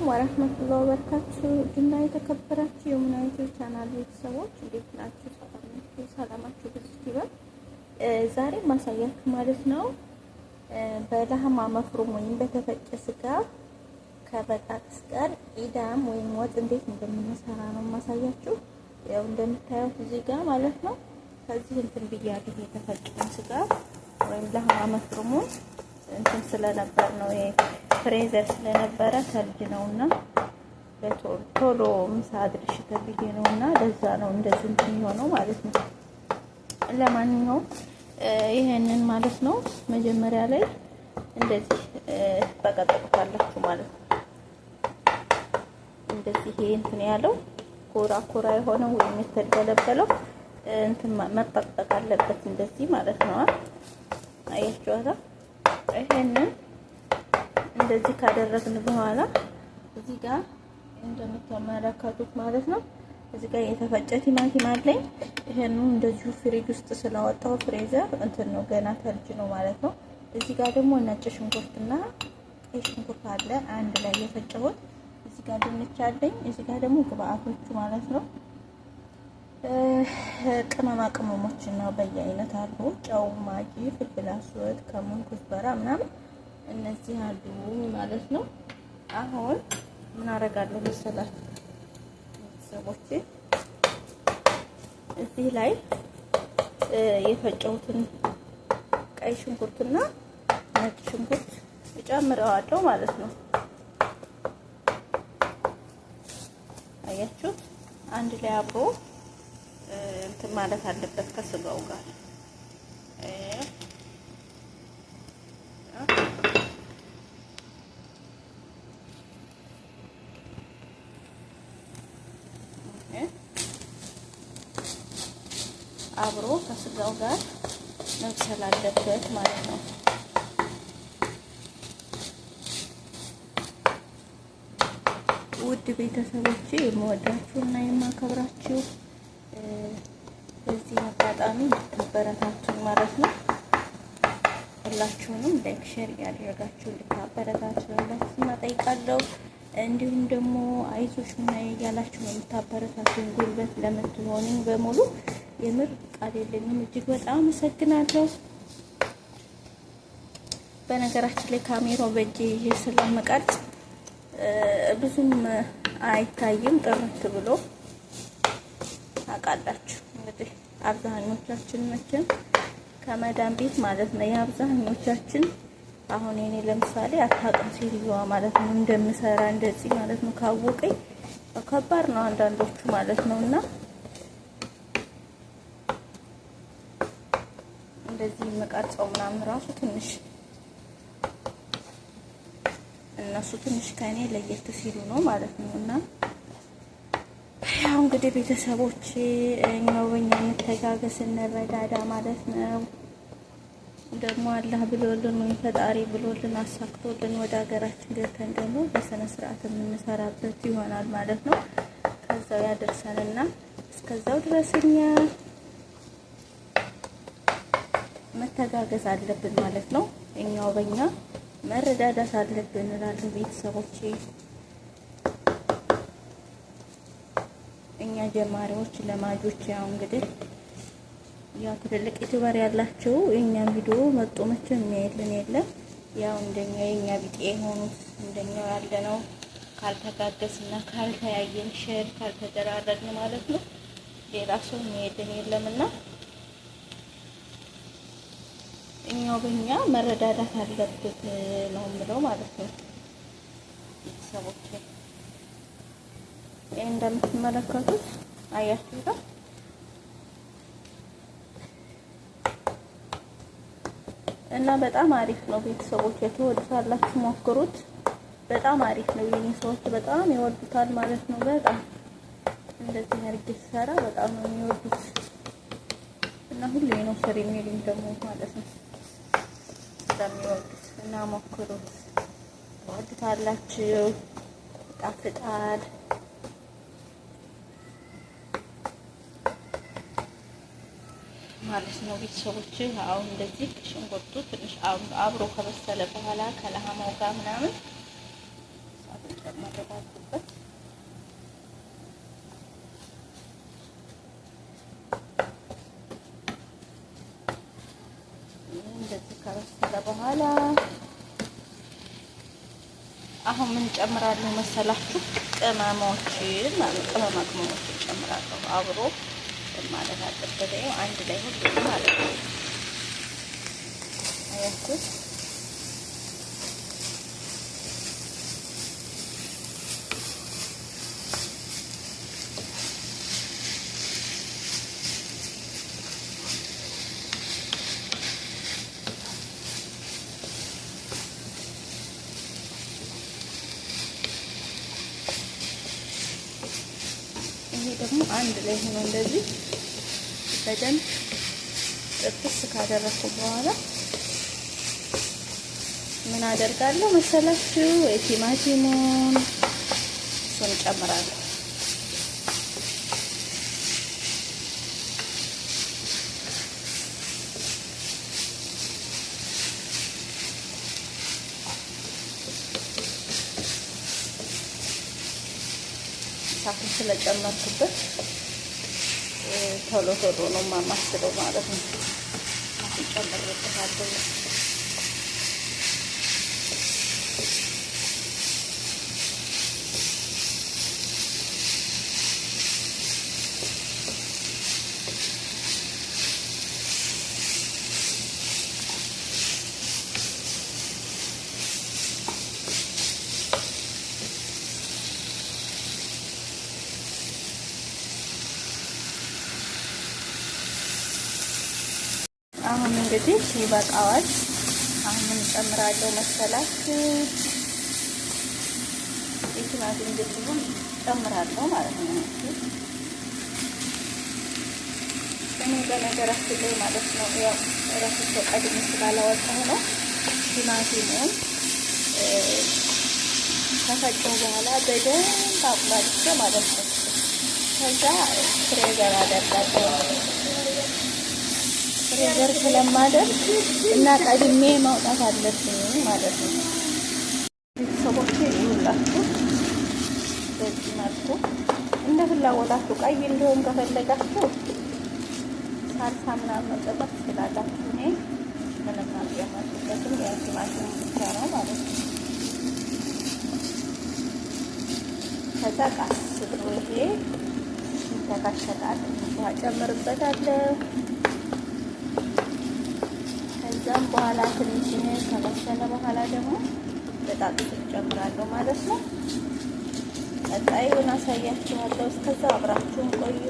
አለይኩም ወረህመቱላሂ ወበረካቱህ ድና የተከበራችሁ የሙናዊቶ ቻናል ቤተሰቦች እንዴት ናችሁ? ሰላማችሁ ሰላማችሁ ብዙ ይበል። ዛሬ ማሳያችሁ ማለት ነው በላህማ መፍሩም ወይም በተፈጨ ስጋ ከበጣጥስ ጋር ኢዳም ወይም ወጥ እንዴት እንደምንሰራ ነው ማሳያችሁ። ያው እንደምታዩት እዚህ ጋር ማለት ነው ከዚህ እንትን ብያለሁ የተፈጨውን ስጋ ወይም ለሀማ መፍሩሙን እንትን ስለነበር ነው ፍሬዘር ስለነበረ ተልጅ ነውና ቶሎ ምሳ አድርሽ ተብዬ ነውና ለዛ ነው እንደዚህ እንትን የሆነው ማለት ነው። ለማንኛውም ይሄንን ማለት ነው መጀመሪያ ላይ እንደዚህ በቀጠቅታላችሁ ማለት ነው። እንደዚህ ይሄ እንትን ያለው ኮራ ኮራ የሆነው ወይም የተገለበለው እንትን መጠቅጠቅ አለበት እንደዚህ ማለት ነው። አያችኋታ ይሄንን እንደዚህ ካደረግን በኋላ እዚህ ጋር እንደምትመለከቱት ማለት ነው። እዚህ ጋር የተፈጨ ቲማቲም አለኝ። ይሄኑ እንደዚሁ ፍሪጅ ውስጥ ስላወጣው ፍሬዘር እንትን ነው ገና ተልጅ ነው ማለት ነው። እዚህ ጋር ደግሞ ነጭ ሽንኩርትና ቀይ ሽንኩርት አለ አንድ ላይ የፈጨሁት። እዚህ ጋር ድንች አለኝ። እዚህ ጋር ደግሞ ግብአቶቹ ማለት ነው ቅመማ ቅመሞች እና በየአይነት አሉ። ጨው፣ ማጊ፣ ፍልፍል አስወድ፣ ከሙን፣ ኩዝበራ ምናምን እነዚህ አሉኝ ማለት ነው። አሁን ምን አደርጋለሁ መሰላችሁ ቤተሰቦቼ እዚህ ላይ የፈጨሁትን ቀይ ሽንኩርትና ነጭ ሽንኩርት እጨምረዋለሁ ማለት ነው። አያችሁት? አንድ ላይ አብሮ እንትን ማለት አለበት ከስጋው ጋር አብሮ ከስጋው ጋር መብሰል አለበት ማለት ነው። ውድ ቤተሰቦች የምወዳችሁ እና የማከብራችሁ በዚህ አጋጣሚ እንድትበረታችሁ ማለት ነው። ሁላችሁንም ላይክ፣ ሼር እያደረጋችሁ እንድታበረታችሁ ሁላችሁም እጠይቃለሁ። እንዲሁም ደግሞ አይዞሽ ምናምን እያላችሁ ነው ጉልበት ለምትሆኑ በሙሉ የምር ቃል የለኝም። እጅግ በጣም አመሰግናለሁ። በነገራችን ላይ ካሜራው በእጄ ይዤ ስለምቀርጽ ብዙም አይታይም ጥርት ብሎ አውቃላችሁ። እንግዲህ አብዛኞቻችን መቼም ከመዳን ቤት ማለት ነው የአብዛኞቻችን አሁን እኔ ለምሳሌ አታውቅም ሴትዮዋ ማለት ነው እንደምሰራ እንደዚህ ማለት ነው ካወቀኝ ከባድ ነው አንዳንዶቹ ማለት ነው እና እንደዚህ የምቀርጸው ምናምን ራሱ ትንሽ እነሱ ትንሽ ከኔ ለየት ሲሉ ነው ማለት ነው። እና ያው እንግዲህ ቤተሰቦች እኛው በእኛ እንተጋገስ እንረዳዳ ማለት ነው። ደግሞ አላህ ብሎልን ወይ ፈጣሪ ብሎልን አሳክቶልን ወደ ሀገራችን ገብተን ደግሞ በስነ ስርዓት የምንሰራበት ይሆናል ማለት ነው። ከዛው ያደርሰንና እስከዛው ድረስኛ መተጋገዝ አለብን ማለት ነው። እኛው በእኛ መረዳዳት አለብን እላለሁ ቤተሰቦቼ። እኛ ጀማሪዎች ለማጆች ያው እንግዲህ ያው ትልልቅ ዩቲዩበር ያላቸው እኛ ቪዲዮ መጡ መቼም የሚያይልን የለም። ያው እንደኛ የእኛ ቢጤ የሆኑት እንደኛው ያለነው ካልተጋገዝና ካልተያየን ሼር ካልተደራረግን ማለት ነው ሌላ ሰው የሚሄድን የለምና እኛው በእኛ መረዳዳት አለበት ነው የምለው ማለት ነው። ቤተሰቦች ይህ እንደምትመለከቱት አያችሁታ እና በጣም አሪፍ ነው ቤተሰቦች፣ ትወዱታላችሁ፣ ሞክሩት። በጣም አሪፍ ነው። የኔ ሰዎች በጣም ይወዱታል ማለት ነው። በጣም እንደዚህ አድርጌ ስሰራ በጣም ነው የሚወዱት እና ሁሌ ነው ስር የሚሉኝ ደግሞ ማለት ነው። እንደምትወዱት እና ሞክሩት። ወድታላችሁ፣ ይጣፍጣል። ማለት ነው ቤተሰቦች። አሁን እንደዚህ ሽንኩርቱ ትንሽ አብሮ ከበሰለ በኋላ ከለሃማው ጋር ምናምን እንደዚህ ከበሰለ በኋላ አሁን ምን ጨምራለሁ መሰላችሁ? ቅመሞችን ማለት ቅመማ ቅመሞችን ጨምራለሁ። አብሮ ማለት አለበት አንድ ላይ ሁሉ ማለት ነው። አያችሁ አንድ ላይ ሆኖ እንደዚህ በደንብ ጥብስ ካደረኩ በኋላ ምን አደርጋለሁ መሰላችሁ? የቲማቲሙን እሱን ጨምራለሁ። ስለጨመርኩበት ቶሎ ቶሎ ነው ማማስለው ማለት ነው። አሁን ጨምርበታለሁ እንግዲህ ይበቃዋል። አሁን እንጨምራለሁ መሰላችሁ የቲማቲም ድፍሉን ጨምራለሁ ማለት ነው። እኔ በነገራችን ላይ ማለት ነው ያው ቀድሜ ስላላወጣሁ ነው ቲማቲሙን ከፈጨው በኋላ በደንብ አቁላልቼ ማለት ነው ከዛ ፍሬዘር አደርጋለሁ ነገር ስለማደርግ እና ቀድሜ ማውጣት አለብኝ ማለት ነው። ቤተሰቦቼ ይውላችሁ በዚህ መልኩ እንደ ፍላጎታችሁ ቀይ እንዲሆን ከፈለጋችሁ ሳልሳ ምናምን መጠጣት ስላላችሁ እኔ ምንም አልጨመርኩበትም። የቲማቲም ብቻ ነው ማለት ነው። ከዛ ቃስ ብሎ ይሄ ይተካሸቃል ጨምርበታለሁ ከዛም በኋላ ትንሽ ከበሰለ በኋላ ደግሞ በጣጥስ ጨምራለሁ ማለት ነው። ቀጣዩን አሳያችኋለሁ። እስከዛ አብራችሁን ቆዩ።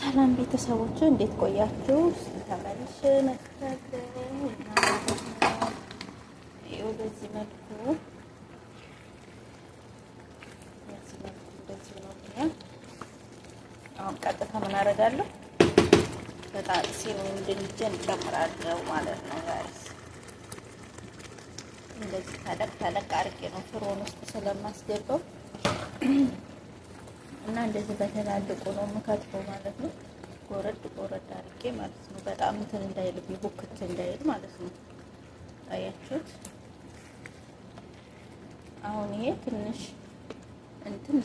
ሰላም ቤተሰቦች እንዴት ቆያችሁ? ተመልሼ መጥቻለሁ። በዚህ መልኩ በዚህ መልኩ እንደዚህ ነው። አሁን ቀጥታ ምን አደርጋለሁ በጣጥሴን ወይም ድንጀን ጨምራለሁ ማለት ነው። ጋይስ እንደዚህ ታለቅ ታለቅ አርቄ ነው ፍሮን ውስጥ ስለማስገባው እና እንደዚህ በተላልቁ ነው የምከትፈው ማለት ነው። ጎረድ ጎረድ አርቄ ማለት ነው። በጣም እንትን እንዳይል ቢቡክት እንዳይል ማለት ነው። አያችሁት? አሁን ይሄ ትንሽ እንትን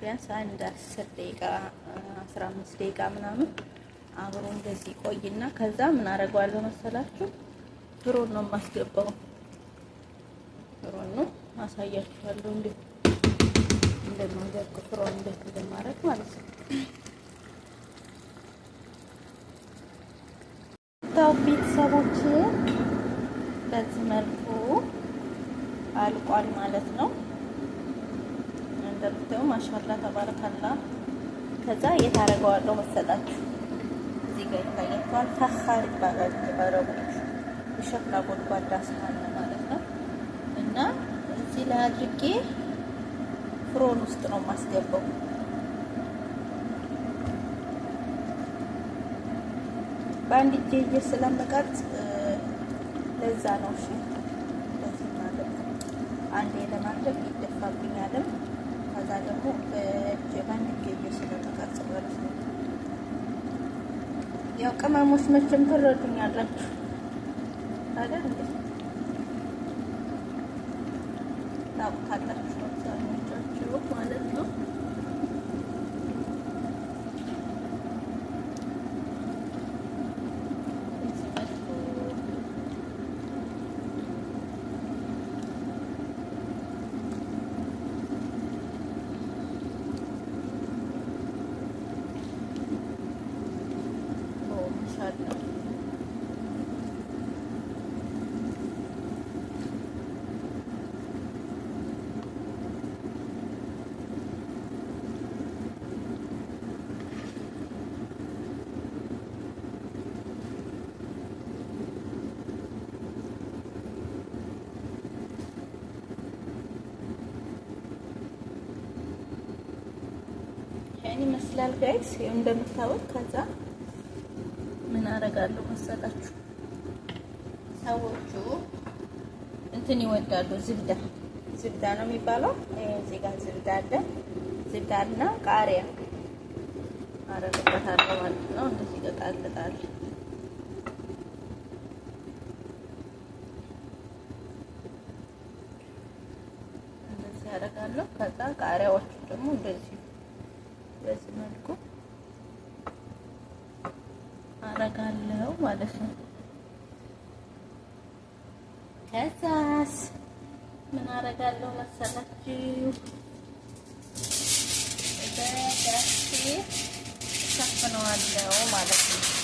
ቢያንስ አንድ አስር ደቂቃ አስራ አምስት ደቂቃ ምናምን አብሮ እንደዚህ ይቆይና ከዛ ምን አደርገዋለሁ መሰላችሁ? ብሮን ነው የማስገባው። ብሮን ነው አሳያችኋለሁ፣ እንዴ እንደማደርግ ፍሮን እንዴት እንደማደርግ ማለት ነው። ታው ቤተሰቦች በዚህ መልኩ አልቋል ማለት ነው። እንደምታዩ ማሻአላ ተባረካላ። ከዛ የታረገዋለሁ መሰላችሁ ይገኛል። ፈኻር ይባላል በአረቦች የሸክላ ጎድጓዳ ሳህን ነው ማለት ነው። እና እዚህ ላይ አድርጌ ፍሮን ውስጥ ነው የማስገባው። በአንድ እጄ እየ ስለምቀርጽ ለዛ ነው። እሺ ለዚህ ማለት አንዴ ለማድረግ ይደፋብኛልም። ከዛ ደግሞ በእጄ በአንድ እጄ እየ ስለምቀርጽ ማለት ነው። ያው ቅመሞች መቼም ትረዱኛላችሁ አይደል? ታውቃላችሁ ማለት ነው። ይመስላል ጋይስ። ይሄው እንደምታወቅ ከዛ ምን አረጋለሁ መሰላችሁ፣ ሰዎቹ እንትን ይወዳሉ። ዝብዳ ዝብዳ ነው የሚባለው። እዚህ ጋር ዝብዳ አለ። ዝብዳ እና ቃሪያ አረግበታለሁ ማለት ነው። እንደዚህ ይቀጣልጣል። እንደዚህ አረጋለሁ። ከዛ ቃሪያዎቹ ደግሞ እንደዚህ በዚህ መልኩ አረጋለሁ ማለት ነው። ከዛስ ምን አረጋለሁ መሰላችሁ? በዳሴ እሸፍነዋለሁ ማለት ነው።